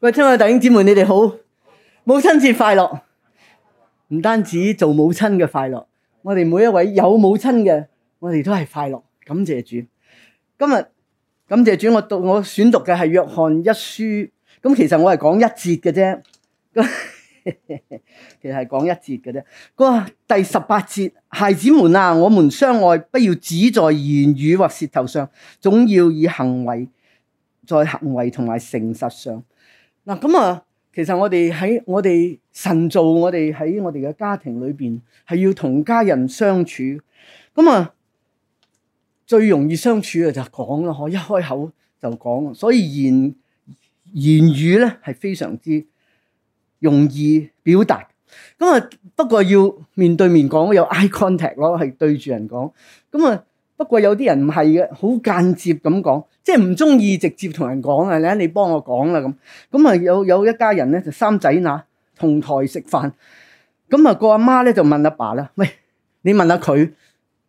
喂，親愛的弟兄姐妹，你哋好！母親節快樂，唔單止做母親嘅快樂，我哋每一位有母親嘅，我哋都係快樂。感謝主，今日感謝主，我讀我選讀嘅係約翰一書，咁其實我係講一節嘅啫，其實係講一節嘅啫，嗰第十八節，孩子們啊，我們相愛，不要只在言語或舌頭上，總要以行為，在行為同埋誠實上。嗱咁啊，其實我哋喺我哋神造我哋喺我哋嘅家庭裏邊係要同家人相處，咁啊最容易相處嘅就講啦，嗬一開口就講，所以言言語咧係非常之容易表達，咁啊不過要面對面講，有 eye contact 咯，係對住人講，咁啊。不過有啲人唔係嘅，好間接咁講，即係唔中意直接同人講啊！你你幫我講啦咁，咁啊有有一家人咧就三仔乸同台食飯，咁啊個阿媽咧就問阿爸啦：喂，你問下佢，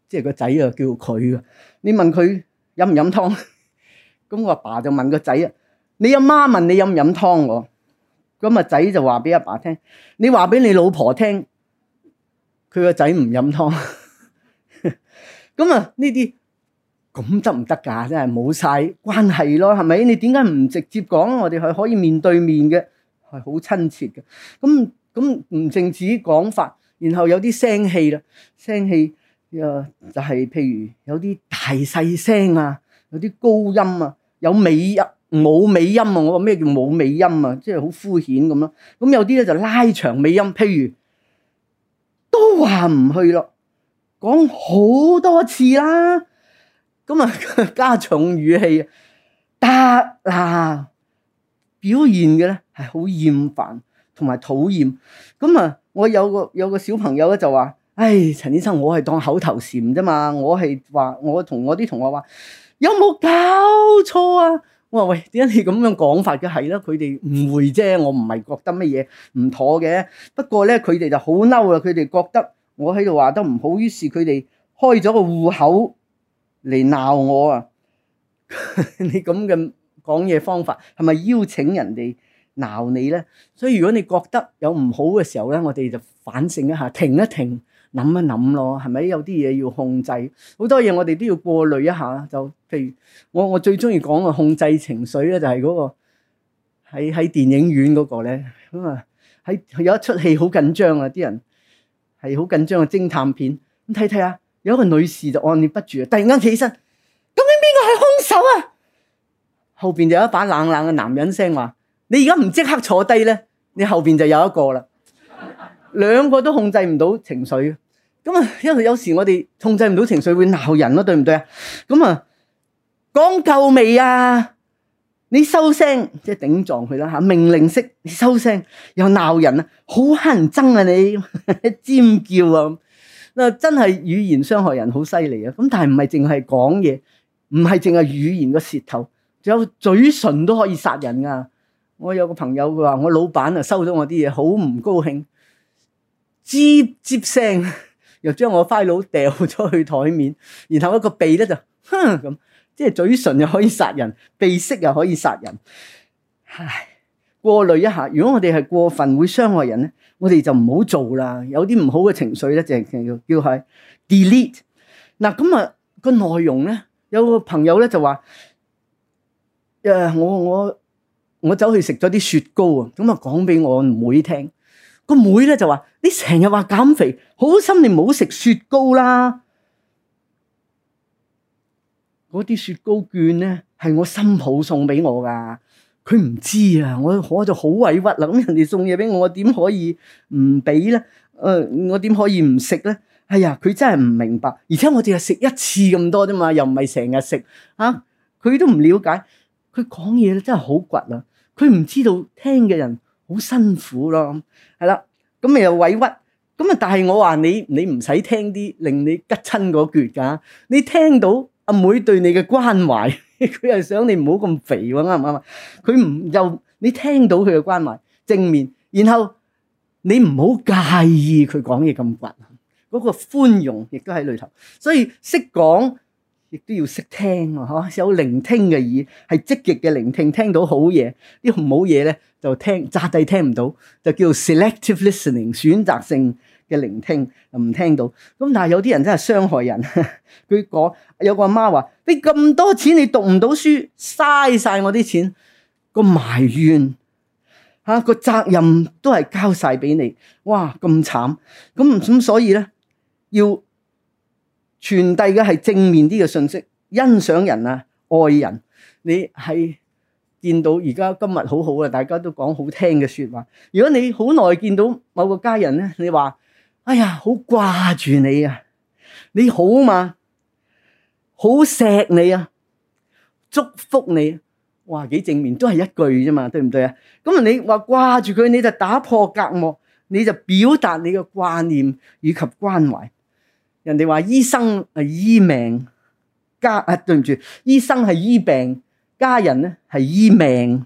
即係個仔啊，叫佢啊，你問佢飲唔飲湯？咁個阿爸就問個仔啊：你阿媽問你飲唔飲湯喎？咁啊仔就話俾阿爸聽：你話俾你老婆聽，佢個仔唔飲湯。 咁啊，呢啲咁得唔得噶？真係冇晒關係咯，係咪？你點解唔直接講？我哋係可以面對面嘅，係好親切嘅。咁咁唔淨止講法，然後有啲聲氣啦，聲氣啊就係譬如有啲大細聲啊，有啲高音啊，有尾音冇尾音啊！我話咩叫冇尾音啊？即係好敷衍咁咯。咁有啲咧就拉長尾音，譬如都話唔去咯。講好多次啦，咁啊加重語氣，得啦，表現嘅咧係好厭煩同埋討厭。咁啊，我有個有個小朋友咧就話，唉、哎，陳醫生，我係當口頭禪啫嘛，我係話我同我啲同學話，有冇搞錯啊？我話喂，點解你咁樣講法嘅？係呢，佢哋誤會啫，我唔係覺得乜嘢唔妥嘅。不過咧，佢哋就好嬲呀，佢哋覺得。我喺度話得唔好，於是佢哋開咗個戶口嚟鬧我啊！ 你咁嘅講嘢方法係咪邀請人哋鬧你咧？所以如果你覺得有唔好嘅時候咧，我哋就反省一下，停一停，諗一諗咯，係咪有啲嘢要控制？好多嘢我哋都要過濾一下。就譬如我我最中意講嘅控制情緒咧，就係嗰個喺喺電影院嗰個咧咁啊！喺有一出戲好緊張啊，啲人。係好緊張嘅偵探片，咁睇睇啊！有一個女士就按捺不住，突然間起身，究竟邊個係兇手啊？後邊就有一把冷冷嘅男人聲話：你而家唔即刻坐低咧，你後邊就有一個啦，兩個都控制唔到情緒，咁啊，因為有時我哋控制唔到情緒會鬧人咯，對唔對啊？咁啊，講夠未啊？你收聲，即係頂撞佢啦吓！命令式，你收聲又鬧人，好乞人憎啊你呵呵！尖叫啊，真係語言傷害人好犀利啊！咁但係唔係淨係講嘢，唔係淨係語言個舌頭，仲有嘴唇都可以殺人啊！我有個朋友佢話我老闆啊收咗我啲嘢，好唔高興，吱吱聲又將我 file 掉咗去台面，然後一個鼻咧就哼咁。即係嘴唇又可以殺人，鼻息又可以殺人。唉，過濾一下。如果我哋係過分會傷害人咧，我哋就唔好做啦。有啲唔好嘅情緒咧，就叫叫係 delete。嗱，咁啊個內容咧，有個朋友咧就話：誒、呃、我我我走去食咗啲雪糕啊！咁啊講俾我妹妹聽，個妹咧就話：你成日話減肥，好心你唔好食雪糕啦。嗰啲雪糕券咧，係我新抱送俾我噶。佢唔知啊，我我就好委屈啦。咁人哋送嘢俾我，我點可以唔俾咧？誒、呃，我點可以唔食咧？哎呀，佢真係唔明白。而且我淨係食一次咁多啫嘛，又唔係成日食。佢都唔了解，佢講嘢真係好倔啊。佢唔知道聽嘅人好辛苦咯，係、啊、啦。咁咪又委屈。咁啊，但係我話你，你唔使聽啲令你吉親嗰句噶。你聽到。阿妹對你嘅關懷，佢又想你唔好咁肥喎，啱唔啱啊？佢唔又你聽到佢嘅關懷，正面，然後你唔好介意佢講嘢咁倔，嗰個寬容亦都喺裏頭。所以識講亦都要識聽啊！嚇，有聆聽嘅耳係積極嘅聆聽，聽到好嘢，啲唔好嘢咧就聽，揸掣聽唔到就叫 selective listening，選擇性嘅聆聽又唔聽到咁，但係有啲人真係傷害人。佢講有個阿媽話：「你咁多錢你讀唔到書，嘥晒我啲錢。個埋怨嚇個、啊、責任都係交晒俾你。哇！咁慘咁咁，所以咧要傳遞嘅係正面啲嘅信息，欣賞人啊，愛人。你係見到而家今日好好啊，大家都講好聽嘅說話。如果你好耐見到某個家人咧，你話。哎呀，好掛住你啊！你好嘛？好錫你啊！祝福你啊！哇，幾正面都係一句啫嘛，對唔對啊？咁你話掛住佢，你就打破隔膜，你就表達你嘅掛念以及關懷。人哋話醫生係醫命，家誒，啊，對唔住，醫生係醫病，家人咧係醫命。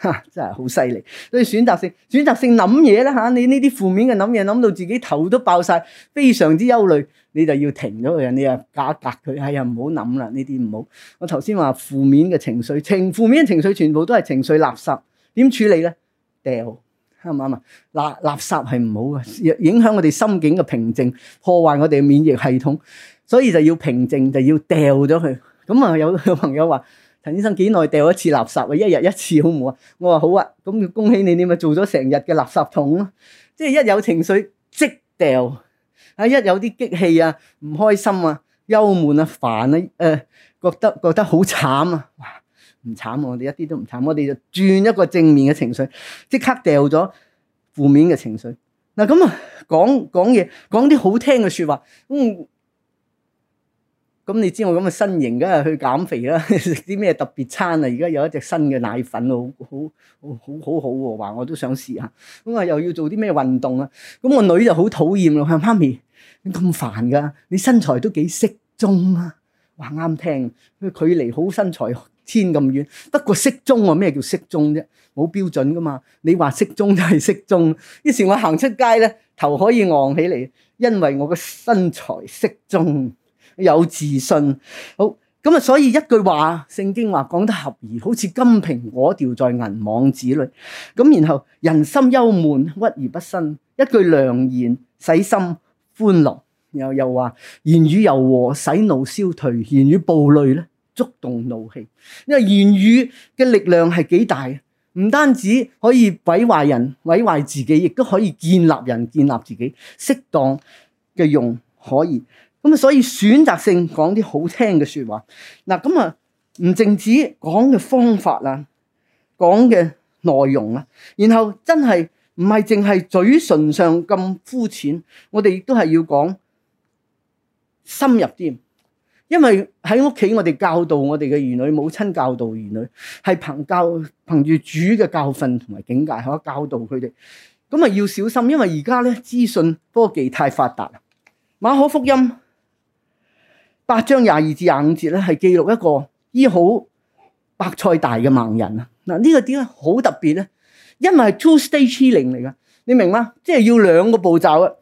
吓，真係好犀利，所以選擇性，選擇性諗嘢啦吓，你呢啲負面嘅諗嘢諗到自己頭都爆晒，非常之憂慮，你就要停咗佢啊，你啊隔一隔佢，哎呀唔好諗啦，呢啲唔好。我頭先話負面嘅情緒情負面嘅情緒全部都係情緒垃圾，點處理咧？掉，啱唔啱啊？垃垃圾係唔好嘅，影響我哋心境嘅平靜，破壞我哋嘅免疫系統，所以就要平靜，就要掉咗佢。咁啊有有朋友話。陳醫生幾耐掉一次垃圾啊？一日一次好唔好啊？我話好啊，咁要恭喜你，你咪做咗成日嘅垃圾桶咯。即係一有情緒即掉，啊一有啲激氣啊、唔開心啊、幽悶啊、煩啊、誒覺得覺得好慘啊！哇，唔慘我哋一啲都唔慘，我哋就轉一個正面嘅情緒，即刻掉咗負面嘅情緒。嗱咁啊，講講嘢講啲好聽嘅説話，嗯。咁你知我咁嘅身形，梗係去減肥啦！食啲咩特別餐啊？而家有一隻新嘅奶粉，好好好，好好好好話我都想試下。咁啊，又要做啲咩運動啊？咁我女就好討厭咯，話媽咪你咁煩㗎，你身材都幾適中啊。話啱聽，佢距離好身材天咁遠，不過適中喎，啊，咩叫適中啫，啊？冇標準噶嘛，你話適中就係適中。於是，我行出街咧，頭可以昂起嚟，因為我個身材適中。有自信，好咁啊！所以一句話，聖經話講得合宜，好似金蘋果掉在銀網子裏。咁然後人心幽悶，屈而不伸。一句良言，使心歡樂。然後又話，言語柔和，使怒消退；言語暴戾咧，觸動怒氣。因為言語嘅力量係幾大，唔單止可以毀壞人、毀壞自己，亦都可以建立人、建立自己。適當嘅用可以。咁啊，所以選擇性講啲好聽嘅説話。嗱，咁啊，唔淨止講嘅方法啦，講嘅內容啦，然後真係唔係淨係嘴唇上咁膚淺，我哋亦都係要講深入啲。因為喺屋企，我哋教導我哋嘅兒女，母親教導兒女，係憑教憑住主嘅教訓同埋警戒可以教導佢哋。咁啊，要小心，因為而家咧資訊科技太發達。馬可福音。八章廿二至廿五節咧，係記錄一個醫好白菜大嘅盲人啊！嗱，呢個點解好特別咧？因為係 two-stage healing 嚟噶，你明嗎？即係要兩個步驟啊！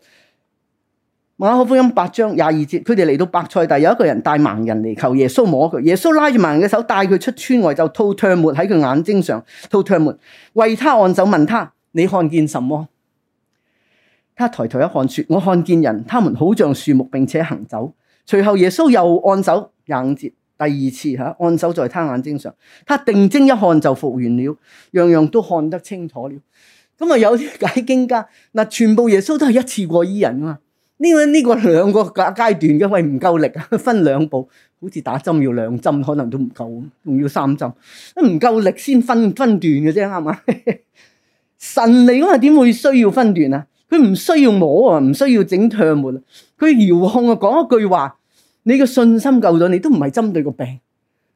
馬可福音八章廿二節，佢哋嚟到白菜大，有一個人帶盲人嚟求耶穌摸佢，耶穌拉住盲人嘅手，帶佢出村外就吐唾沫喺佢眼睛上，吐唾沫，為他按手，問他：你看見什麼？他抬頭一看說：我看見人，他們好像樹木，並且行走。隨後耶穌又按手，廿五節，第二次吓，按手在他眼睛上，他定睛一看就復原了，樣樣都看得清楚了。咁啊，有啲解經家嗱，全部耶穌都係一次過醫人噶嘛？呢、這個呢、這個兩個階段嘅喂唔夠力啊，分兩步，好似打針要兩針，可能都唔夠，仲要三針唔夠力，先分分段嘅啫，啱嘛？神嚟，咁啊，點會需要分段啊？佢唔需要摸啊，唔需要整唾沫啦。佢遙控啊，講一句話，你嘅信心夠咗，你都唔係針對個病。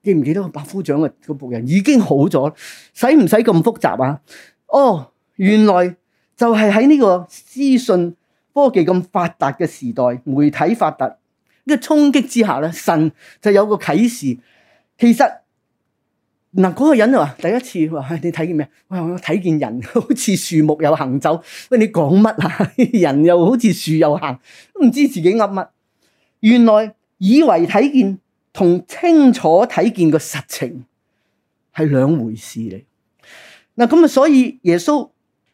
記唔記得個百夫長嘅僕人已經好咗，使唔使咁複雜啊？哦，原來就係喺呢個資訊科技咁發達嘅時代，媒體發達呢個衝擊之下咧，神就有個啟示，其實。嗱，嗰個人就話：第一次話、哎，你睇見咩？喂、哎，我睇見人好似樹木又行走。喂，你講乜啊？人又好似樹又行，都唔知自己噏乜。原來以為睇見同清楚睇見個實情係兩回事嚟。嗱，咁啊，所以耶穌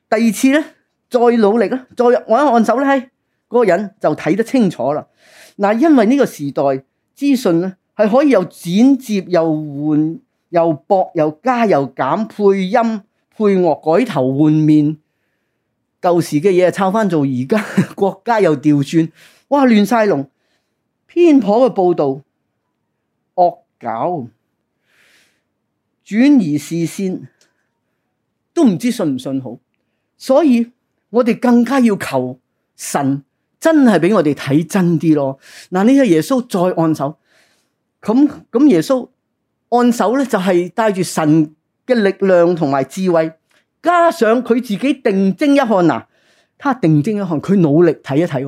第二次咧，再努力咧，再按一按手咧，嗰個人就睇得清楚啦。嗱，因為呢個時代資訊咧係可以又剪接又換。又博又加又減，配音配樂，改頭換面，舊時嘅嘢啊，抄翻做而家國家又調轉，哇，亂晒龍，偏頗嘅報道、惡搞、轉移視線，都唔知信唔信好，所以我哋更加要求神真係俾我哋睇真啲咯。嗱，呢個耶穌再按手，咁咁耶穌。按手咧，就係帶住神嘅力量同埋智慧，加上佢自己定睛一看，嗱，他定睛一看，佢努力睇一睇，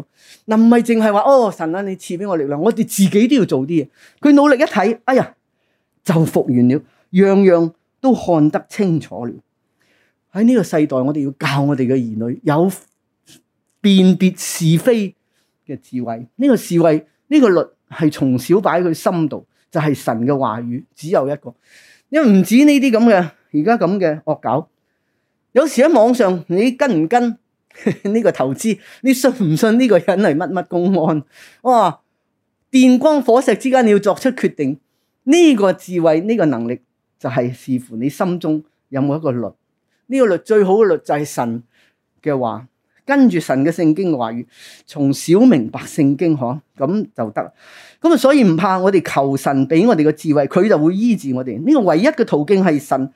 嗱，唔係淨係話哦，神啊，你賜俾我力量，我哋自己都要做啲嘢。佢努力一睇，哎呀，就復原了，樣樣都看得清楚了。喺呢個世代，我哋要教我哋嘅兒女有辨別是非嘅智慧。呢個智慧，呢個律係從小擺喺佢心度。就係神嘅話語只有一個，因為唔止呢啲咁嘅，而家咁嘅惡搞，有時喺網上你跟唔跟呢、這個投資，你信唔信呢個人係乜乜公安，哇、啊，電光火石之間你要作出決定，呢、這個智慧呢、這個能力就係、是、視乎你心中有冇一個律，呢、這個律最好嘅律就係神嘅話。跟住神嘅聖經嘅話語，從小明白聖經，嗬，咁就得。咁啊，所以唔怕我哋求神俾我哋嘅智慧，佢就會醫治我哋。呢個唯一嘅途徑係神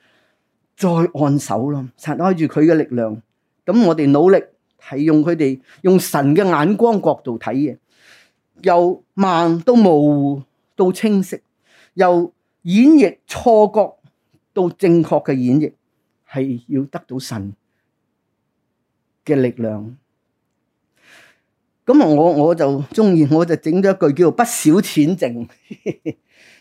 再按手咯，拆開住佢嘅力量。咁我哋努力係用佢哋用神嘅眼光角度睇嘢，由盲到模糊到清晰，由演繹錯覺到正確嘅演繹，係要得到神嘅力量，咁啊，我我就中意，我就整咗一句叫做不少錢剩，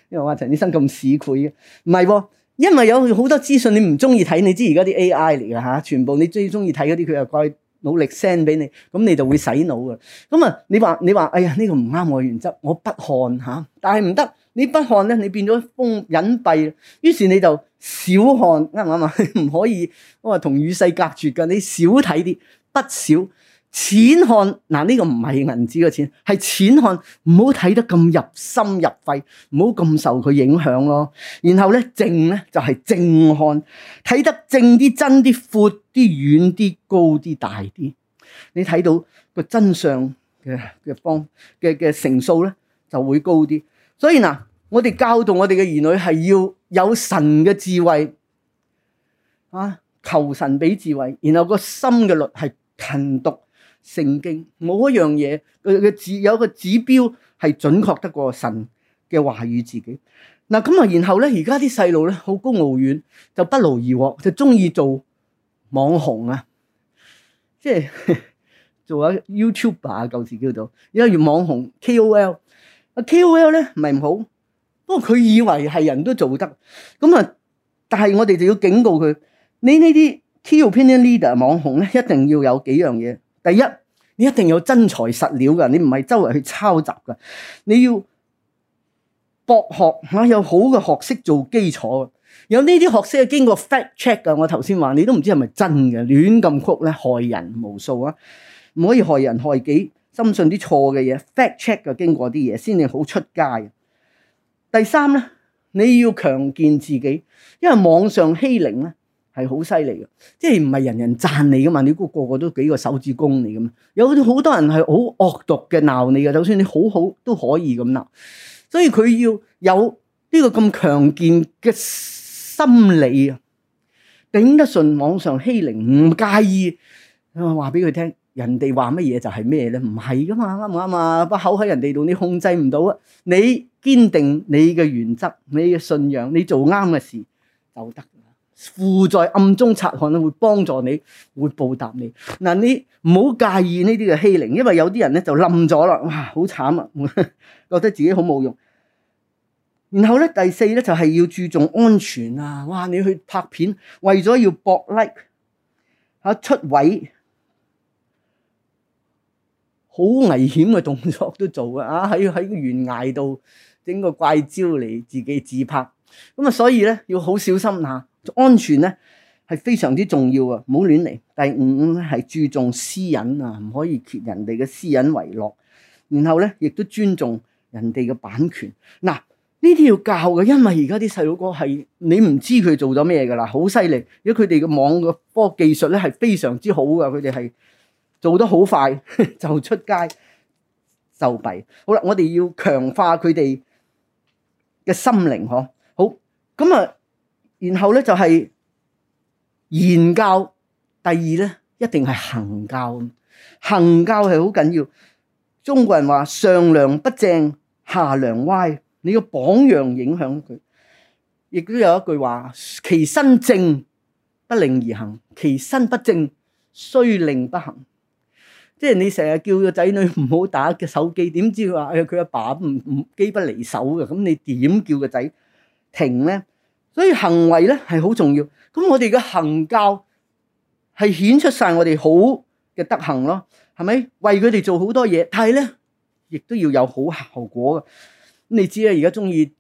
因為話陳醫生咁市儈嘅，唔係、啊，因為有好多資訊你唔中意睇，你知而家啲 A I 嚟嘅吓，全部你最中意睇嗰啲，佢又該努力 send 俾你，咁你就會洗腦嘅。咁啊，你話你話，哎呀，呢、這個唔啱我原則，我不看嚇、啊，但係唔得。你不看咧，你變咗封隱蔽，於是你就少看。啱唔啱？唔可以，我話同與世隔絕嘅，你少睇啲，不少。淺看嗱，呢個唔係銀紙嘅錢，係淺看，唔好睇得咁入心入肺，唔好咁受佢影響咯。然後咧，靜咧就係靜看，睇得靜啲、真啲、闊啲、遠啲、高啲、大啲。你睇到個真相嘅嘅方嘅嘅成數咧，就會高啲。所以嗱，我哋教導我哋嘅兒女係要有神嘅智慧啊，求神俾智慧，然後個心嘅律係勤讀聖經。冇一樣嘢，佢嘅指有個指標係準確得過神嘅話語。自己嗱咁啊，然後咧，而家啲細路咧好高騖遠，就不勞而獲，就中意做網紅啊，即係做下 YouTuber 啊，舊時叫做，因為網紅 KOL。啊，KOL 咧唔係唔好，不過佢以為係人都做得咁啊，但係我哋就要警告佢，你呢啲 Key Opinion Leader 網紅咧，一定要有幾樣嘢。第一，你一定要真材實料噶，你唔係周圍去抄襲噶，你要博學吓，有好嘅學識做基礎。有呢啲學識係經過 fact check 噶，我頭先話你都唔知係咪真嘅，亂咁曲咧害人無數啊，唔可以害人害己。深信啲錯嘅嘢，fact check 嘅經過啲嘢先至好出街。第三咧，你要強健自己，因為網上欺凌咧係好犀利嘅，即係唔係人人讚你噶嘛？你估個個都幾個手指公你咁嘛，有好多人係好惡毒嘅鬧你嘅，就算你好好都可以咁鬧。所以佢要有呢個咁強健嘅心理啊，頂得順網上欺凌唔介意。我話俾佢聽。人哋話乜嘢就係咩咧？唔係噶嘛，啱唔啱啊？把口喺人哋度，你控制唔到啊！你堅定你嘅原則，你嘅信仰，你做啱嘅事就得啦。父在暗中察看啊，會幫助你，會報答你。嗱、啊，你唔好介意呢啲嘅欺凌，因為有啲人咧就冧咗啦。哇，好慘啊！覺得自己好冇用。然後咧，第四咧就係要注重安全啊！哇，你去拍片，為咗要博 like 吓出位。好危險嘅動作都做啊！啊，喺喺個懸崖度整個怪招嚟自己自拍，咁啊所以咧要好小心呀。安全咧係非常之重要啊，唔好亂嚟。第五咧係注重私隱啊，唔可以揭人哋嘅私隱為樂。然後咧亦都尊重人哋嘅版權。嗱呢啲要教嘅，因為而家啲細路哥係你唔知佢做咗咩㗎啦，好犀利！如果佢哋嘅網嘅科技術咧係非常之好嘅，佢哋係。做得好快就出街就弊，好啦，我哋要強化佢哋嘅心靈嗬。好，咁啊，然後咧就係言教，第二咧一定係行教，行教係好緊要。中國人話上梁不正下梁歪，你個榜樣影響佢。亦都有一句話：其身正，不令而行；其身不正，雖令不行。即係你成日叫個仔女唔好打嘅手機，點知佢話，哎呀，佢阿爸唔唔機不離手嘅，咁你點叫個仔停咧？所以行為咧係好重要。咁我哋嘅行教係顯出晒我哋好嘅德行咯，係咪？為佢哋做好多嘢，但係咧亦都要有好效果嘅。咁你知啦，而家中意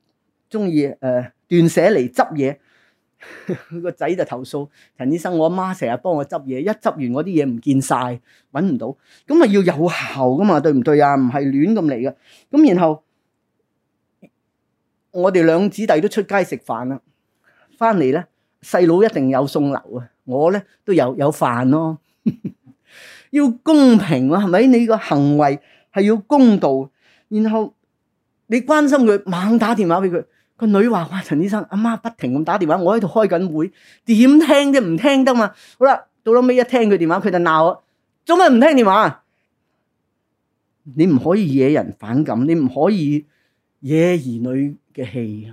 中意誒斷捨離執嘢。佢個仔就投訴陳醫生，我阿媽成日幫我執嘢，一執完我啲嘢唔見晒，搵唔到，咁啊要有效噶嘛？對唔對啊？唔係亂咁嚟㗎。咁然後我哋兩子弟都出街食飯啦，翻嚟咧細佬一定有送樓啊，我咧都有有飯咯， 要公平啊，係咪？你個行為係要公道，然後你關心佢，猛打電話俾佢。個女話：哇，陳醫生，阿媽不停咁打電話，我喺度開緊會，點聽啫？唔聽得嘛。好啦，到咗尾一聽佢電話，佢就鬧我：「做咩唔聽電話？你唔可以惹人反感，你唔可以惹兒女嘅氣。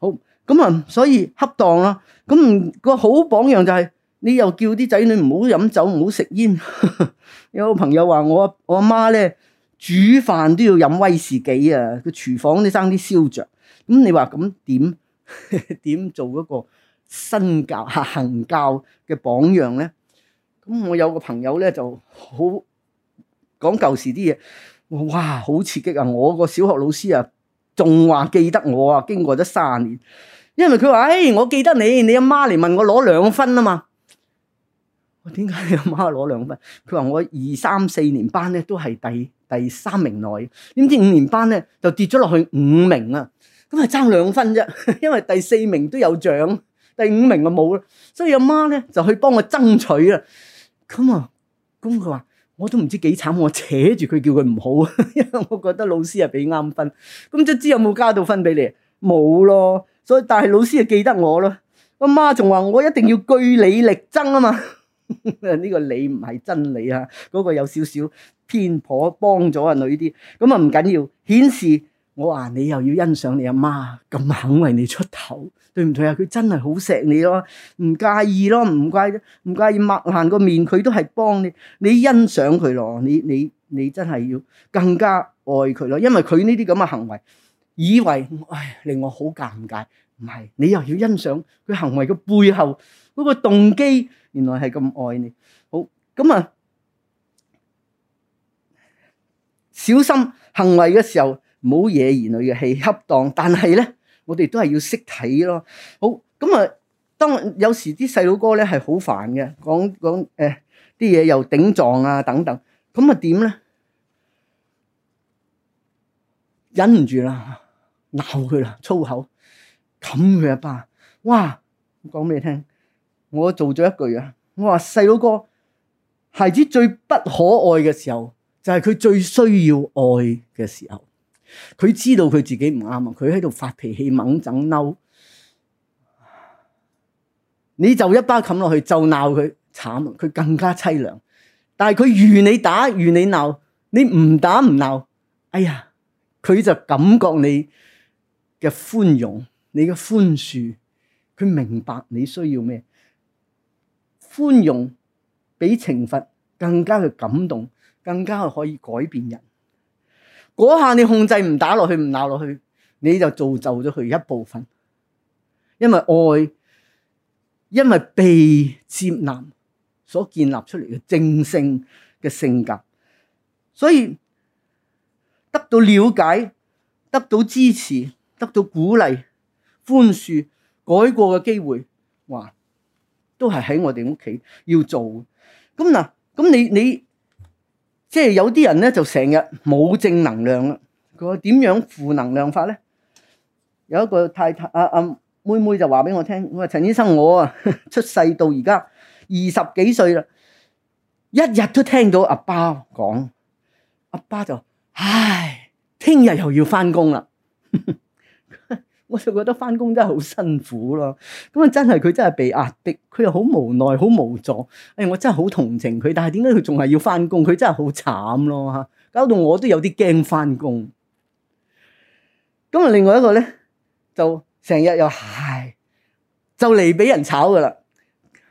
好咁啊，所以恰當咯。咁個好榜樣就係你又叫啲仔女唔好飲酒，唔好食煙。 有個朋友話我，我阿媽咧煮飯都要飲威士忌啊，個廚房都爭啲燒着。」咁你話咁點點做一個身教嚇行教嘅榜樣咧？咁我有個朋友咧就好講舊時啲嘢，哇好刺激啊！我個小學老師啊，仲話記得我啊，經過咗三十年，因為佢話：誒、哎，我記得你，你阿媽嚟問我攞兩分啊嘛！我點解你阿媽攞兩分？佢話我二三四年班咧都係第第三名內，點知五年班咧就跌咗落去五名啊！咁咪爭兩分啫，因為第四名都有獎，第五名就冇啦。所以阿媽咧就去幫我爭取啊。咁啊，咁佢話我都唔知幾慘，我扯住佢叫佢唔好，因為我覺得老師係俾啱分。咁就知有冇加到分俾你？冇咯。所以但係老師係記得我咯。阿媽仲話我一定要據理力爭啊嘛。呢個理唔係真理啊，嗰個有少少偏頗幫咗啊女啲。咁啊唔緊要，顯示。我話你又要欣賞你阿媽咁肯為你出頭，對唔對啊？佢真係好錫你咯，唔介意咯，唔介唔介意抹爛個面，佢都係幫你。你欣賞佢咯，你你你真係要更加愛佢咯，因為佢呢啲咁嘅行為，以為，唉，令我好尷尬，唔係，你又要欣賞佢行為嘅背後嗰個動機，原來係咁愛你。好，咁啊，小心行為嘅時候。唔好惹兒女嘅氣，恰當，但係咧，我哋都係要識睇咯。好咁、嗯、啊，當有時啲細佬哥咧係好煩嘅，講講誒啲嘢又頂撞啊等等，咁啊點咧？忍唔住啦，鬧佢啦，粗口，冚佢一巴。哇！講俾你聽，我做咗一句啊，我話細佬哥，孩子最不可愛嘅時候，就係、是、佢最需要愛嘅時候。佢知道佢自己唔啱啊！佢喺度發脾氣，猛整嬲，你就一巴冚落去就鬧佢，慘！佢更加淒涼。但係佢遇你打遇你鬧，你唔打唔鬧，哎呀，佢就感覺你嘅寬容，你嘅寬恕，佢明白你需要咩？寬容比懲罰更加嘅感動，更加可以改變人。嗰下你控制唔打落去唔鬧落去，你就造就咗佢一部分。因為愛，因為被接納所建立出嚟嘅正性嘅性格，所以得到了解、得到支持、得到鼓勵、寬恕、改過嘅機會，話都係喺我哋屋企要做。咁嗱，咁你你。即係有啲人咧就成日冇正能量啦。佢話點樣負能量法咧？有一個太太啊，啊妹妹就話俾我聽。我話陳醫生，我啊出世到而家二十幾歲啦，一日都聽到阿爸講，阿爸就唉，聽日又要返工啦。呵呵我就覺得翻工真係好辛苦咯，咁啊真係佢真係被壓迫，佢又好無奈、好無助。哎，我真係好同情佢，但係點解佢仲係要翻工？佢真係好慘咯嚇，搞到我都有啲驚翻工。咁啊，另外一個咧，就成日又唉，就嚟俾人炒噶啦，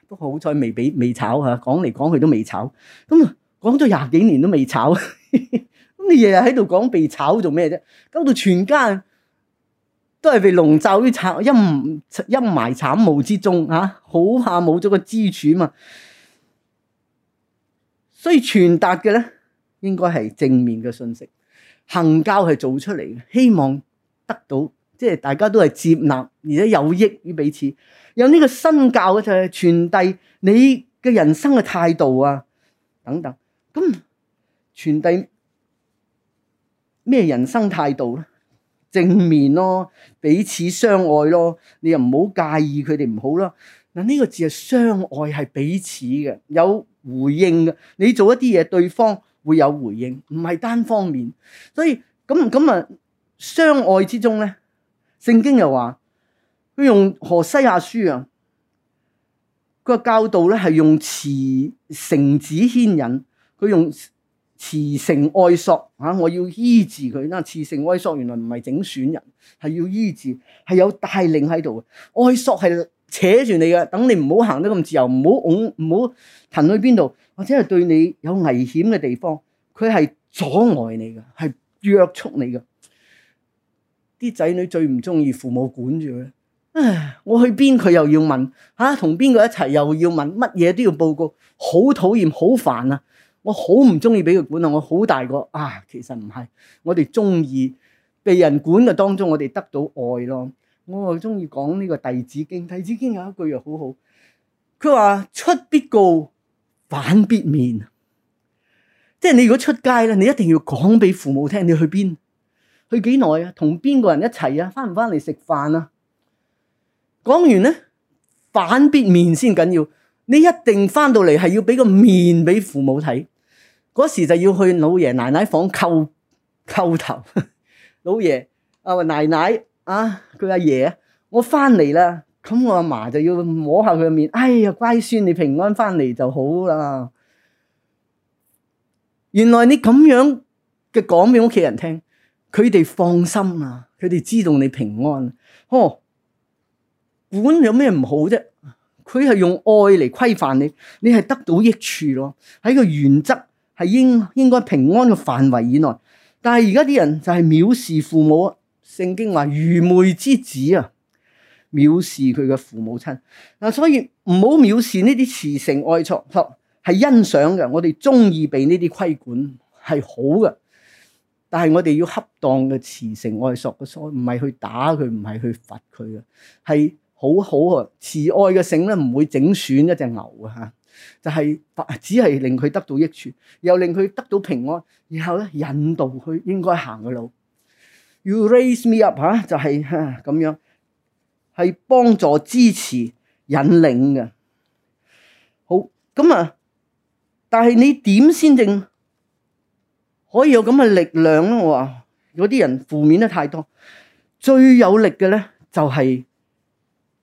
都好彩未俾未炒嚇，講嚟講去都未炒。咁講咗廿幾年都未炒，咁你日日喺度講被炒做咩啫？搞到全家。都係被籠罩於慘陰陰霾慘霧之中，吓、啊、好怕冇咗個支柱嘛。所以傳達嘅咧，應該係正面嘅信息。行教係做出嚟，希望得到，即係大家都係接納，而且有益於彼此。有呢個新教就係傳遞你嘅人生嘅態度啊，等等。咁傳遞咩人生態度咧？正面咯，彼此相愛咯，你又唔好介意佢哋唔好啦。嗱、這、呢個字係相愛係彼此嘅，有回應嘅。你做一啲嘢，對方會有回應，唔係單方面。所以咁咁啊，相愛之中咧，聖經又話佢用何西亞書啊，佢個教導咧係用慈繩子牽引，佢用。慈繩愛索，啊！我要醫治佢啦。慈繩愛索原來唔係整損人，係要醫治，係有帶領喺度嘅。愛索係扯住你嘅，等你唔好行得咁自由，唔好往唔好行去邊度，或者係對你有危險嘅地方，佢係阻礙你嘅，係約束你嘅。啲仔女最唔中意父母管住佢，唉！我去邊佢又要問，吓同邊個一齊又要問，乜嘢都要報告，好討厭，好煩啊！我好唔中意俾佢管啊！我好大個啊，其實唔係，我哋中意被人管嘅當中，我哋得到愛咯。我又中意講呢個弟子經，弟子經有一句又好好，佢話出必告，反必面，即係你如果出街咧，你一定要講俾父母聽，你去邊，去幾耐啊，同邊個人一齊啊，翻唔翻嚟食飯啊？講完咧，反必面先緊要，你一定翻到嚟係要俾個面俾父母睇。嗰時就要去老爺奶奶房叩叩頭，老爺啊或奶奶啊，佢阿爺，我翻嚟啦。咁我阿嫲就要摸下佢嘅面，哎呀，乖孫，你平安翻嚟就好啦。原來你咁樣嘅講俾屋企人聽，佢哋放心啊，佢哋知道你平安。哦，管有咩唔好啫？佢係用愛嚟規範你，你係得到益處咯。喺個原則。係應應該平安嘅範圍以內，但係而家啲人就係藐視父母啊！聖經話愚昧之子啊，藐視佢嘅父母親。嗱、啊，所以唔好藐視呢啲慈繩愛索，係欣賞嘅。我哋中意俾呢啲規管係好嘅，但係我哋要恰當嘅慈繩愛索嘅，所以唔係去打佢，唔係去罰佢嘅，係好好啊！慈愛嘅性咧，唔會整損一隻牛啊！嚇～就係只係令佢得到益處，又令佢得到平安，然後咧引導佢應該行嘅路。You raise me up，吓，就係咁樣，係幫助、支持、引領嘅。好，咁啊，但係你點先正可以有咁嘅力量咧？我話啲人負面得太多，最有力嘅咧就係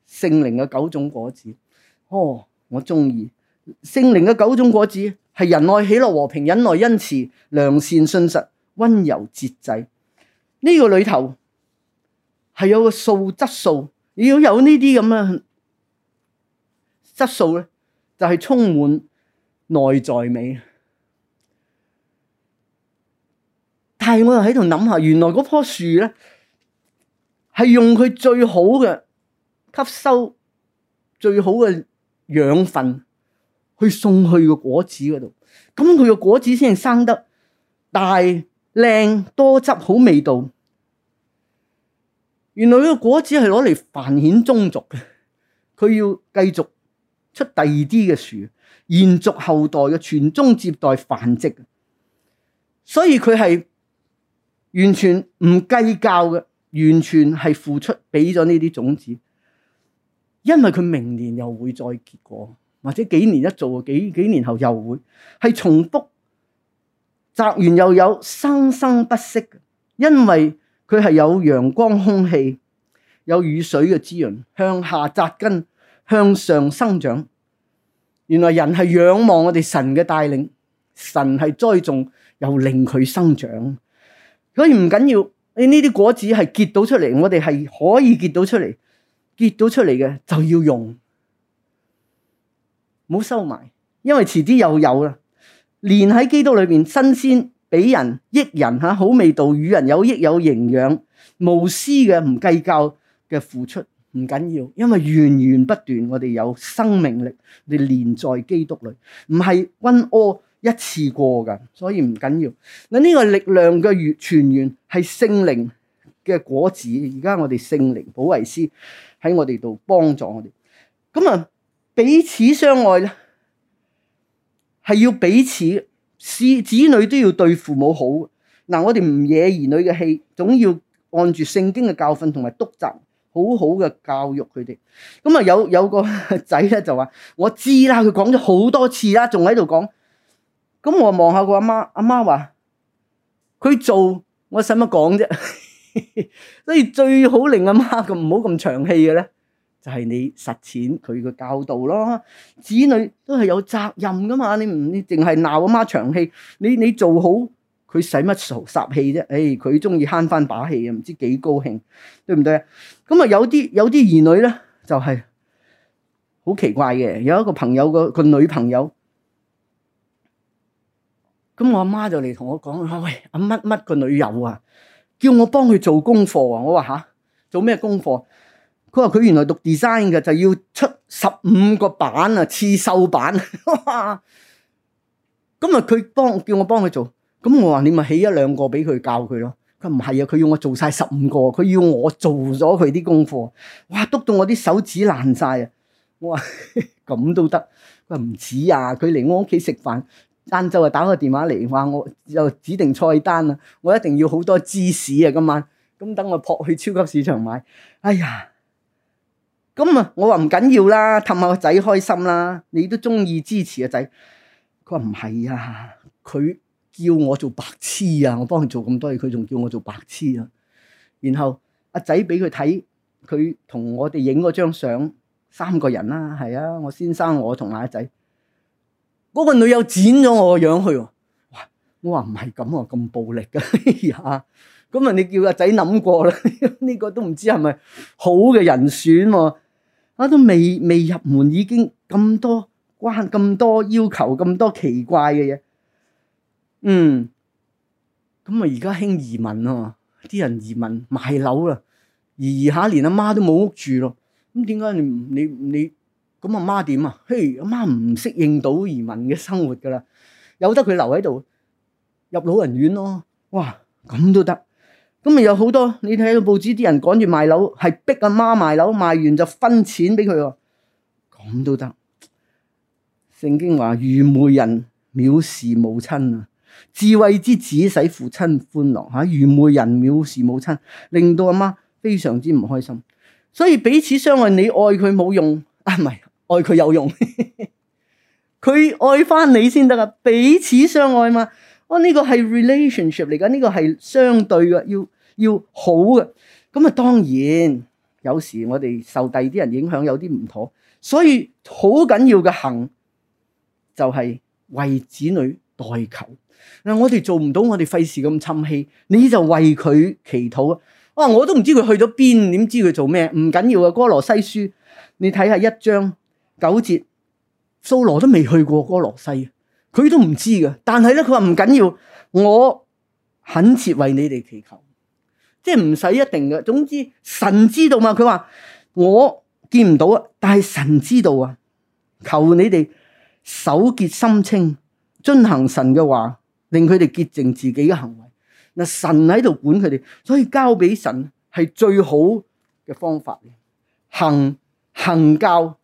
聖靈嘅九種果子。哦，我中意。聖靈嘅九種果子係仁愛、喜樂、和平、忍耐、恩慈、良善、信實、溫柔、節制。呢、這個裏頭係有個素質素，要有呢啲咁嘅質素咧，就係、是、充滿內在美。但係我又喺度諗下，原來嗰棵樹咧係用佢最好嘅吸收最好嘅養分。佢送去個果子嗰度，咁佢個果子先係生得大靚多汁好味道。原來呢個果子係攞嚟繁衍宗族嘅，佢要繼續出第二啲嘅樹，延續後代嘅傳宗接代繁殖。所以佢係完全唔計較嘅，完全係付出俾咗呢啲種子，因為佢明年又會再結果。或者幾年一做，幾幾年後又會係重複。摘完又有生生不息，因為佢係有陽光、空氣、有雨水嘅滋潤，向下紮根，向上生長。原來人係仰望我哋神嘅帶領，神係栽種又令佢生長。所以唔緊要，你呢啲果子係結到出嚟，我哋係可以結到出嚟，結到出嚟嘅就要用。唔好收埋，因為遲啲又有啦。連喺基督裏邊新鮮，俾人益人吓，好味道，與人有益有營養，無私嘅，唔計較嘅付出唔緊要，因為源源不斷，我哋有生命力，我哋連在基督裏，唔係溫屙一次過噶，所以唔緊要。嗱、這、呢個力量嘅源泉源係聖靈嘅果子，而家我哋聖靈保惠師喺我哋度幫助我哋，咁啊。彼此相愛咧，係要彼此子子女都要對父母好。嗱、啊，我哋唔惹兒女嘅氣，總要按住聖經嘅教訓同埋督責，好好嘅教育佢哋。咁、嗯、啊，有有個仔咧就話：我知啦，佢講咗好多次啦，仲喺度講。咁、嗯、我望下個阿媽，阿媽話：佢做我使乜講啫？所 以最好令阿媽唔好咁長氣嘅咧。就係你實踐佢個教導咯，子女都係有責任噶嘛，你唔淨係鬧阿媽長氣，你你做好佢使乜嘈霎氣啫？誒，佢中意慳翻把氣啊，唔知幾高興，對唔對啊？咁啊，有啲有啲兒女咧就係、是、好奇怪嘅，有一個朋友個、那個女朋友，咁我阿媽就嚟同我講：喂，阿乜乜個女友啊，叫我幫佢做功課啊！我話吓、啊，做咩功課？佢話：佢原來讀 design 嘅，就要出十五個版啊，刺繡版。哇！咁啊，佢幫叫我幫佢做，咁我話你咪起一兩個俾佢教佢咯。佢話唔係啊，佢要我做晒十五個，佢要我做咗佢啲功課。哇！督到我啲手指爛晒啊！我話咁都得。佢話唔止啊，佢嚟我屋企食飯，晏晝又打個電話嚟話我又指定菜單啊，我一定要好多芝士啊今晚。咁等我撲去超級市場買。哎呀！咁啊！我話唔緊要啦，氹下個仔開心啦。你都中意支持個仔。佢話唔係啊，佢叫我做白痴啊！我幫佢做咁多嘢，佢仲叫我做白痴啊！然後阿仔俾佢睇佢同我哋影嗰張相，三個人啦、啊，係啊，我先生我同阿仔，嗰、嗰個女友剪咗我個樣去、啊。哇！我話唔係咁啊，咁暴力㗎。咁啊，你叫阿仔諗過啦，呢個都唔知係咪好嘅人選喎。我都未未入門，已經咁多關咁多要求咁多奇怪嘅嘢，嗯，咁啊而家興移民啊嘛？啲人移民賣樓啦，移移下連阿媽都冇屋住咯，咁點解你你你咁阿媽點啊？嘿，阿媽唔適應到移民嘅生活噶啦，由得佢留喺度，入老人院咯，哇，咁都得。咁咪有好多，你睇到報紙啲人趕住賣樓，係逼阿媽賣樓，賣完就分錢俾佢喎。咁都得？聖經話愚昧人藐視母親啊，智慧之子使父親歡樂吓。愚昧人藐視母親，令到阿媽非常之唔開心。所以彼此相愛，你愛佢冇用啊，唔係愛佢有用，佢 愛翻你先得啊。彼此相愛嘛，我、啊、呢、呢個係 relationship 嚟㗎，呢、呢個係相對嘅要。要好嘅，咁啊，當然有時我哋受第二啲人影響，有啲唔妥，所以好緊要嘅行就係為子女代求。嗱，我哋做唔到，我哋費事咁侵氣，你就為佢祈禱啊！哇，我都唔知佢去咗邊，點知佢做咩？唔緊要嘅，《哥羅西書》你睇下一章九節，蘇羅都未去過哥羅西，佢都唔知嘅。但係咧，佢話唔緊要，我懇切為你哋祈求。即係唔使一定嘅，總之神知道嘛。佢話我見唔到啊，但係神知道啊。求你哋手潔心清，遵行神嘅話，令佢哋潔淨自己嘅行為。嗱，神喺度管佢哋，所以交俾神係最好嘅方法。行行教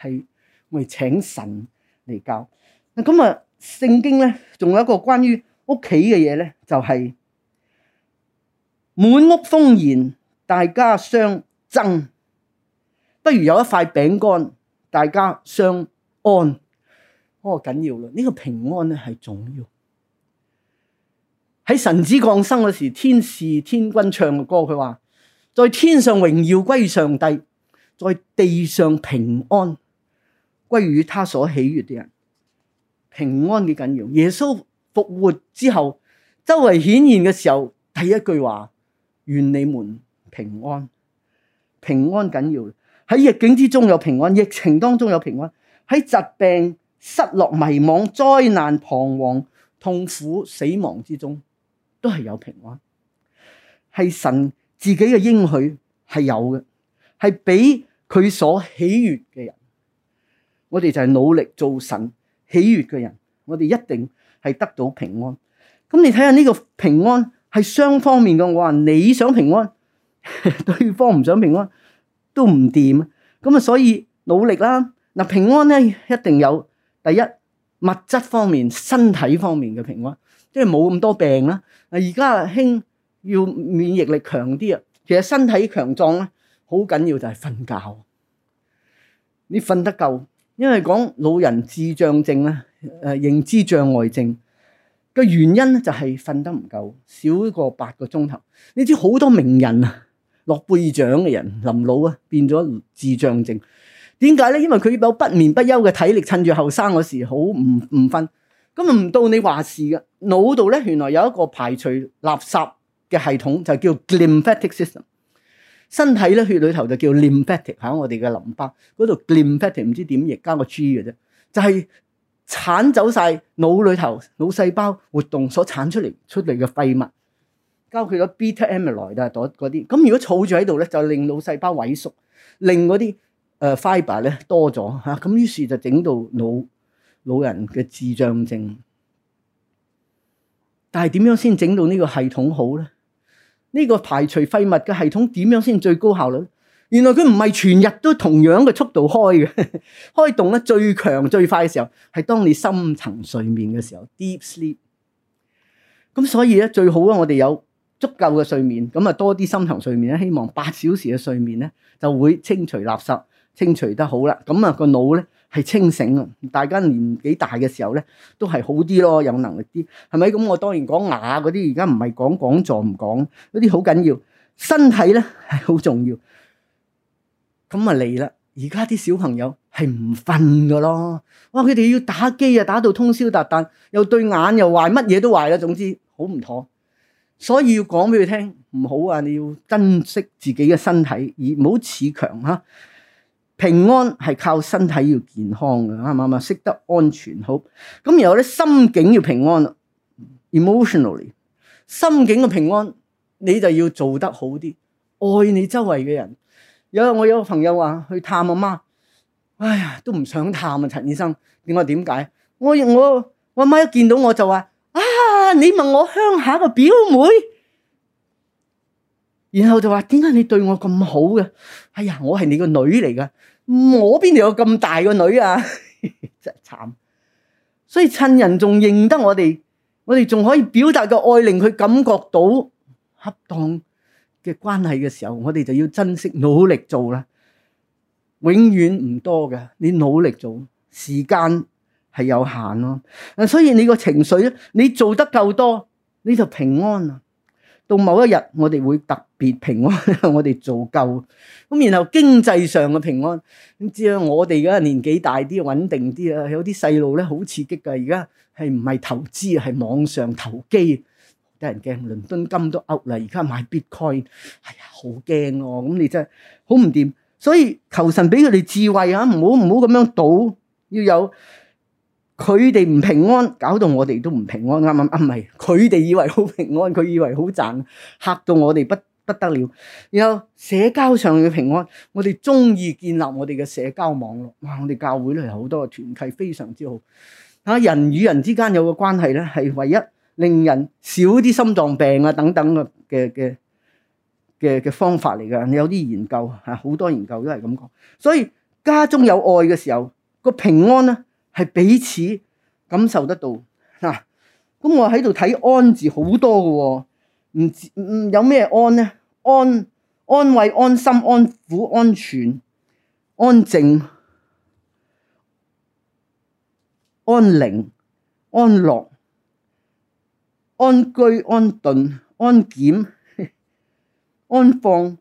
係我哋請神嚟教。咁啊，聖經咧仲有一個關於屋企嘅嘢咧，就係、是。滿屋風言，大家相爭，不如有一塊餅乾，大家相安。多、哦、緊要啦！呢、這個平安咧係重要的。喺神子降生嗰時候，天使天君唱嘅歌，佢話：在天上榮耀歸於上帝，在地上平安歸於他所喜悅的人。平安幾緊要？耶穌復活之後，周圍顯現嘅時候，第一句話。願你們平安，平安緊要，喺逆境之中有平安，疫情當中有平安，喺疾病、失落、迷惘、災難、彷徨、痛苦、死亡之中，都係有平安，係神自己嘅應許是有的，係有嘅，係俾佢所喜悅嘅人。我哋就係努力做神喜悅嘅人，我哋一定係得到平安。咁你睇下呢個平安。係雙方面嘅，我話你想平安，對方唔想平安都唔掂。咁啊，所以努力啦。嗱，平安咧一定有第一物質方面、身體方面嘅平安，即係冇咁多病啦。而家啊，興要免疫力強啲啊，其實身體強壯咧好緊要，就係瞓覺。你瞓得夠，因為講老人智障症咧，誒，認知障礙症。個原因咧就係瞓得唔夠，少過八個鐘頭。你知好多名人啊，諾貝爾獎嘅人臨老啊，變咗智障症。點解咧？因為佢有不眠不休嘅體力，趁住後生嗰時好唔唔瞓。咁啊唔到你話事嘅腦度咧，原來有一個排除垃圾嘅系統，就叫 glymphatic system。身體咧血裏頭就叫 lymphatic，喺我哋嘅淋巴嗰度 lymphatic，唔知點亦加個 G 嘅啫，就係、是。鏟走晒腦裏頭腦細胞活動所產出嚟出嚟嘅廢物，交佢咗 Beta-Amyloid 來嘅啊，嗰啲。咁如果儲住喺度咧，就令腦細胞萎縮，令嗰啲誒 fibre 咧多咗嚇。咁於是就整到老老人嘅智障症。但係點樣先整到呢個系統好咧？呢、這個排除廢物嘅系統點樣先最高效率？原來佢唔係全日都同樣嘅速度開嘅，開動咧最強最快嘅時候係當你深層睡眠嘅時候，deep sleep。咁所以咧最好我哋有足夠嘅睡眠，咁啊多啲深層睡眠咧，希望八小時嘅睡眠咧就會清除垃圾，清除得好啦。咁啊個腦咧係清醒啊。大家年紀大嘅時候咧都係好啲咯，有能力啲，係咪？咁我當然講牙嗰啲，而家唔係講講座，唔講嗰啲好緊要，身體咧係好重要。咁啊嚟啦！而家啲小朋友係唔瞓噶咯，哇！佢哋要打機啊，打到通宵達旦，又對眼又壞，乜嘢都壞啦。總之好唔妥，所以要講俾佢聽，唔好啊！你要珍惜自己嘅身體，而唔好恃強吓，啊。平安係靠身體要健康㗎，啱唔啱啊？識得安全好。咁然後咧，心境要平安。emotionally，心境嘅平安，你就要做得好啲，愛你周圍嘅人。有我有個朋友話去探阿媽，哎呀都唔想探啊！陳醫生，點解？點解？我我阿媽一見到我就話，啊，你問我鄉下個表妹，然後就話點解你對我咁好嘅？哎呀，我係你個女嚟㗎，我邊度有咁大個女啊？ 真係慘，所以趁人仲認得我哋，我哋仲可以表達個愛，令佢感覺到恰當。嘅關係嘅時候，我哋就要珍惜努力做啦。永遠唔多嘅，你努力做，時間係有限咯。所以你個情緒，你做得夠多，你就平安啦。到某一日，我哋會特別平安， 我哋做夠咁，然後經濟上嘅平安，你知啊？我哋而家年紀大啲，穩定啲啊，有啲細路咧好刺激噶，而家係唔係投資，係網上投機。得人驚，倫敦金都 out 啦！而家買 bitcoin，哎呀，好驚咯！咁你真係好唔掂，所以求神俾佢哋智慧吖，唔好唔好咁樣賭，要有佢哋唔平安，搞到我哋都唔平安。啱唔啱？唔係佢哋以為好平安，佢以為好賺，嚇到我哋不不得了。然後社交上嘅平安，我哋中意建立我哋嘅社交網絡。哇！我哋教會咧有好多團契，非常之好。啊，人與人之間有個關係咧，係唯一。令人少啲心臟病啊等等嘅嘅嘅嘅方法嚟噶，你有啲研究啊，好多研究都係咁講。所以家中有愛嘅時候，個平安咧係彼此感受得到嗱。咁、啊、我喺度睇安字好多嘅喎，唔知有咩安咧？安安慰、安心、安撫、安全、安靜、安寧、安樂。安居安頓、安檢、安放、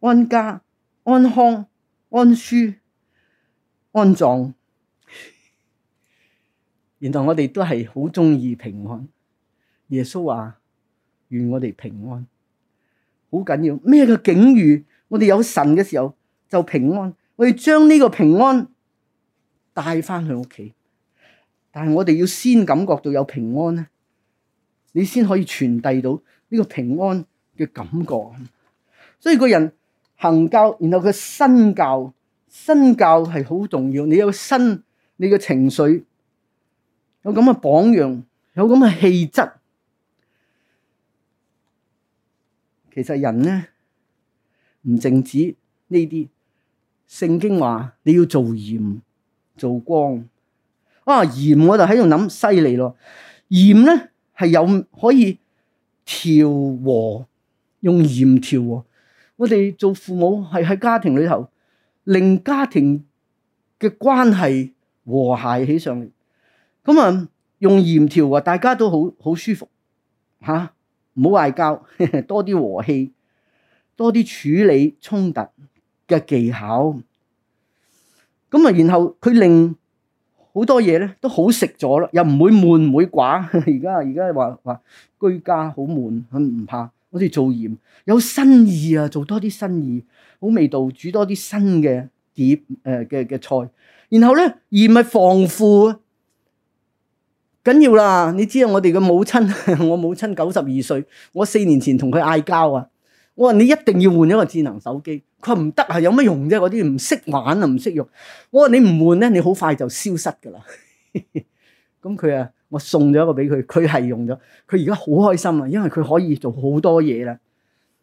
安家、安康、安舒、安葬，然後我哋都係好中意平安。耶穌話：願我哋平安，好緊要。咩嘅境遇，我哋有神嘅時候就平安。我哋將呢個平安帶翻去屋企，但係我哋要先感覺到有平安呢？你先可以傳遞到呢個平安嘅感覺，所以個人行教，然後佢身教，身教係好重要。你有身，你嘅情緒有咁嘅榜樣，有咁嘅氣質。其實人咧唔淨止呢啲，聖經話你要做鹽，做光啊。啊鹽，我就喺度諗犀利咯，鹽咧。係有可以調和，用鹽調和。我哋做父母係喺家庭裏頭，令家庭嘅關係和諧起上嚟。咁啊，用鹽調和，大家都好好舒服吓，唔好嗌交，多啲和氣，多啲處理衝突嘅技巧。咁啊，然後佢令。好多嘢咧都好食咗啦，又唔會悶唔會寡。而家而家話話居家好悶，唔怕。好似做鹽有新意啊，做多啲新意，好味道，煮多啲新嘅碟誒嘅嘅菜。然後咧鹽咪防腐，啊，緊要啦。你知道我哋嘅母親，我母親九十二歲，我四年前同佢嗌交啊，我話你一定要換一個智能手機。佢話唔得啊，有乜用啫？嗰啲唔識玩啊，唔識用。我話你唔換咧，你好快就消失噶啦。咁佢啊，我送咗一個俾佢，佢係用咗。佢而家好開心啊，因為佢可以做好多嘢啦。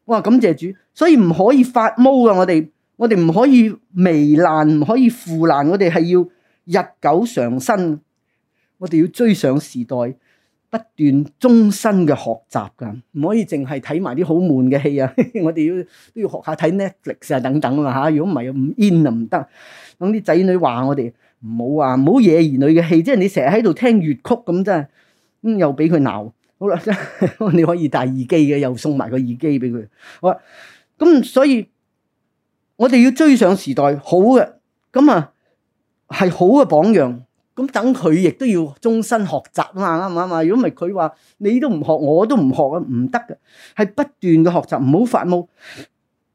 我話感謝主，所以唔可以發毛噶。我哋，我哋唔可以糜爛，唔可以腐爛。我哋係要日久常新，我哋要追上時代。不斷終身嘅學習噶，唔可以淨係睇埋啲好悶嘅戲啊！我哋要都要學下睇 Netflix 啊，等等啊吓。如果唔係唔 in 啊，唔得。咁啲仔女話我哋唔好話，唔好惹兒女嘅氣。即係你成日喺度聽粵曲咁，真係咁又俾佢鬧。好啦，你可以戴耳機嘅，又送埋個耳機俾佢。好啦，咁所以我哋要追上時代好嘅，咁啊係好嘅榜樣。咁等佢亦都要終身學習啊嘛，啱唔啱啊？如果唔係佢話你都唔學，我都唔學啊，唔得噶，係不斷嘅學習，唔好發毛，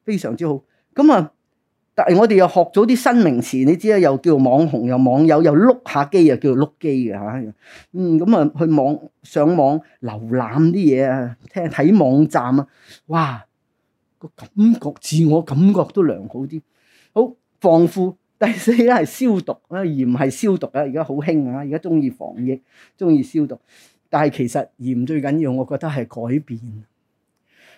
非常之好。咁啊，但係我哋又學咗啲新名詞，你知啦，又叫網紅，又網友，又碌下機，又叫碌機嘅嚇。嗯，咁啊，去網上網瀏覽啲嘢啊，聽睇網站啊，哇，個感覺自我感覺都良好啲。好，放富。第四咧係消毒啊，唔係消毒啊，而家好興啊，而家中意防疫，中意消毒。但係其實鹽最緊要，我覺得係改變。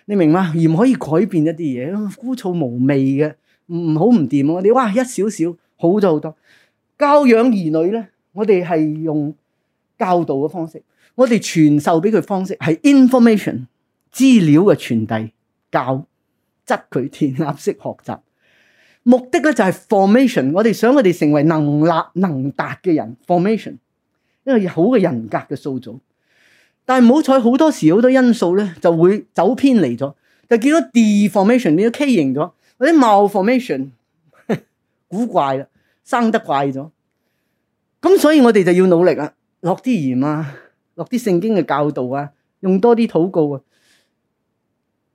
你明嗎？鹽可以改變一啲嘢，枯燥無味嘅，唔好唔掂。我哋哇一少少，好咗好多。教養兒女咧，我哋係用教導嘅方式，我哋傳授俾佢方式係 information 資料嘅傳遞，教質佢填鴨式學習。目的咧就係 formation，我哋想我哋成為能立能達嘅人，formation 一個好嘅人格嘅塑造。但係唔好彩，好多時好多因素咧就會走偏離咗，就見到 deformation，你都畸形咗，或者 malformation 古怪啦，生得怪咗。咁所以我哋就要努力下一些啊，落啲鹽啊，落啲聖經嘅教導啊，用多啲禱告啊，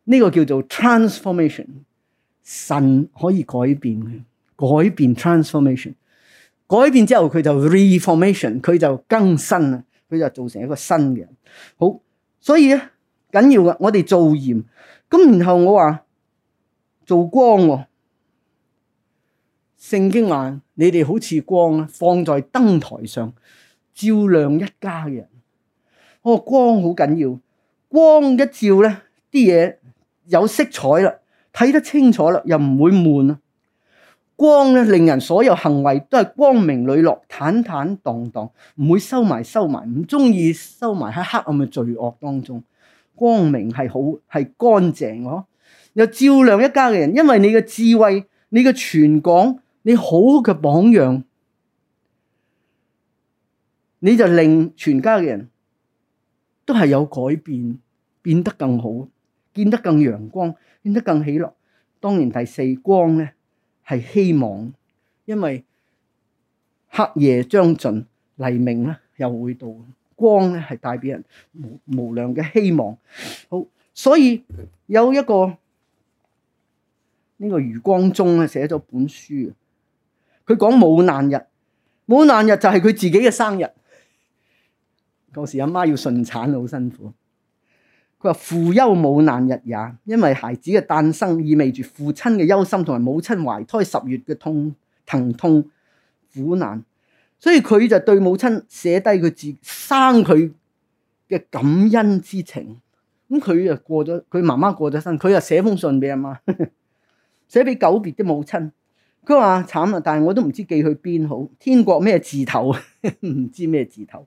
呢個叫做 transformation。神可以改變佢，改變 transformation，改變之後佢就 reformation，佢就更新啊，佢就做成一個新嘅人。好，所以咧緊要嘅，我哋做鹽，咁然後我話做光喎，哦。聖經話：你哋好似光啊，放在燈臺上，照亮一家嘅人。嗰個光好緊要，光一照咧，啲嘢有色彩啦。睇得清楚啦，又唔會悶啊！光咧，令人所有行為都係光明磊落、坦坦蕩蕩，唔會收埋收埋，唔中意收埋喺黑暗嘅罪惡當中。光明係好，係乾淨嘅，又照亮一家嘅人。因為你嘅智慧、你嘅全港，你好嘅榜樣，你就令全家嘅人都係有改變，變得更好。變得更陽光，變得更喜樂。當然第四光咧，係希望，因為黑夜將盡，黎明咧又會到。光咧係帶俾人無無量嘅希望。好，所以有一個呢、這個余光中啊，寫咗本書。佢講母難日，母難日就係佢自己嘅生日。嗰時阿媽要順產，好辛苦。佢話，父憂母難日也。因為孩子嘅誕生意味住父親嘅憂心同埋母親懷胎十月嘅痛疼痛苦難，所以佢就對母親寫低佢自己生佢嘅感恩之情。咁佢啊過咗佢媽媽過咗身，佢又寫封信俾阿媽，寫俾久別的母親。佢話，慘啊，但係我都唔知寄去邊好，天國咩字頭唔知咩字頭。不知道什麼字頭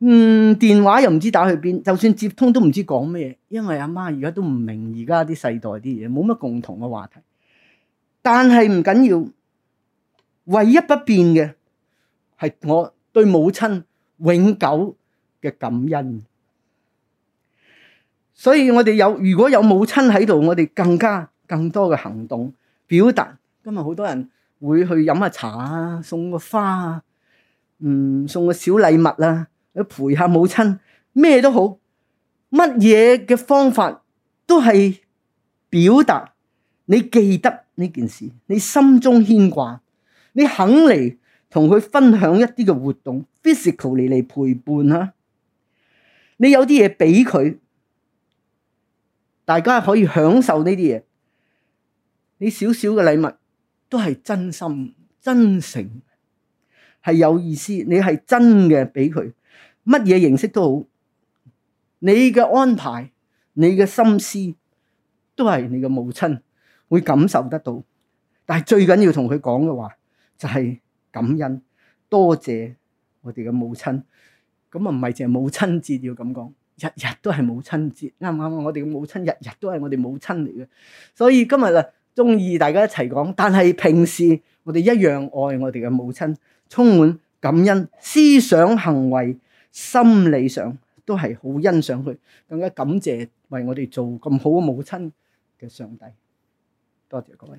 嗯，電話又唔知打去邊，就算接通都唔知講咩，因為阿媽而家都唔明而家啲世代啲嘢，冇乜共同嘅話題。但係唔緊要，唯一不變嘅係我對母親永久嘅感恩。所以我哋有如果有母親喺度，我哋更加更多嘅行動表達。今日好多人會去飲下茶啊，送個花啊，嗯，送個小禮物啦。陪下母親，咩都好，乜嘢嘅方法都係表達你記得呢件事，你心中牽掛，你肯嚟同佢分享一啲嘅活動，physically 嚟陪伴啊！你有啲嘢俾佢，大家可以享受呢啲嘢。你少少嘅禮物都係真心、真誠，係有意思。你係真嘅俾佢。乜嘢形式都好，你嘅安排，你嘅心思都係你嘅母親會感受得到。但係最緊要同佢講嘅話，就係感恩，多謝我哋嘅母親。咁啊，唔係淨係母親節要咁講，日日都係母親節啱唔啱啊？我哋嘅母親日日都係我哋母親嚟嘅，所以今日啊，中意大家一齊講，但係平時我哋一樣愛我哋嘅母親，充滿感恩，思想行為。心理上都係好欣賞佢，更加感謝為我哋做咁好嘅母親嘅上帝。多謝各位。